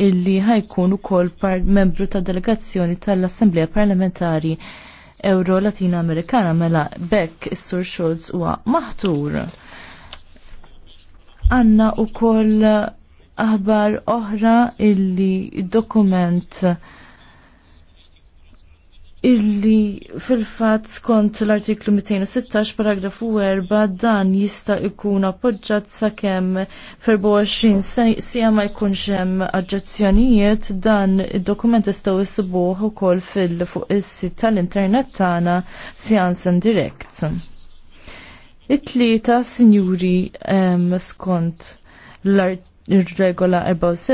illi ħajkun ukoll par membru ta' delegazzjoni tal-Assemblea Parlamentari Euro Latina Amerikana mela Beck is-Sur Schulz huwa maħtur. Għanna ukoll aħbar oħra illi dokument illi fil-fat skont l-artiklu 216 paragrafu 4 dan jista' jkun appoġġat sakemm fil-24 sija ma jkunx hemm aġġezzjonijiet dan id-dokument jistgħu jsibuh ukoll fil fuq is-sit tal-internet tagħna and Direct. It-tlieta sinjuri skont l-art ir-regola